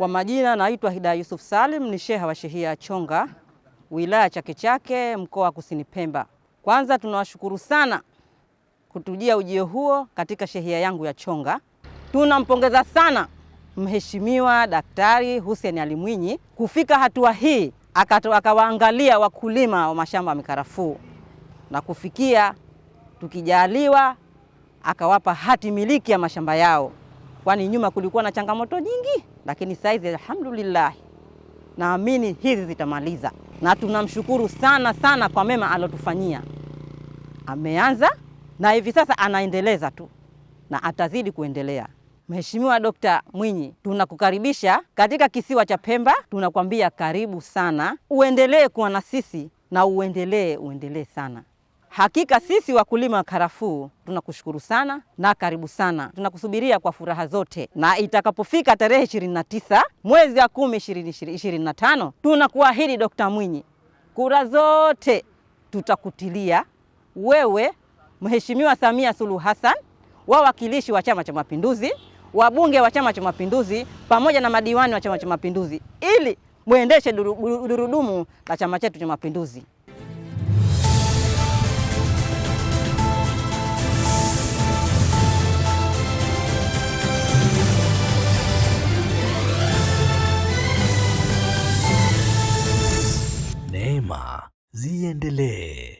Kwa majina naitwa Hidaya Yusuf Salim, ni sheha wa shehia ya Chonga, wilaya Chake Chake, mkoa wa Kusini Pemba. Kwanza tunawashukuru sana kutujia ujio huo katika shehia yangu ya Chonga. Tunampongeza sana Mheshimiwa Daktari Hussein Ali Mwinyi kufika hatua hii akawaangalia wakulima wa mashamba ya mikarafuu na kufikia tukijaliwa akawapa hati miliki ya mashamba yao, kwani nyuma kulikuwa na changamoto nyingi lakini saizi alhamdulillah, naamini hizi zitamaliza, na tunamshukuru sana sana kwa mema alotufanyia. Ameanza na hivi sasa anaendeleza tu na atazidi kuendelea. Mheshimiwa Dokta Mwinyi, tunakukaribisha katika kisiwa cha Pemba, tunakwambia karibu sana, uendelee kuwa na sisi na uendelee uendelee sana. Hakika sisi wakulima wa karafuu tunakushukuru sana na karibu sana, tunakusubiria kwa furaha zote, na itakapofika tarehe 29 mwezi wa 10 2025, tunakuahidi Dokta Mwinyi, kura zote tutakutilia wewe Mheshimiwa Samia Suluhu Hassan, wawakilishi wa Chama cha Mapinduzi, wabunge wa Chama cha Mapinduzi pamoja na madiwani wa Chama cha Mapinduzi, ili mwendeshe durudumu la chama chetu cha Mapinduzi. njema ziendelee.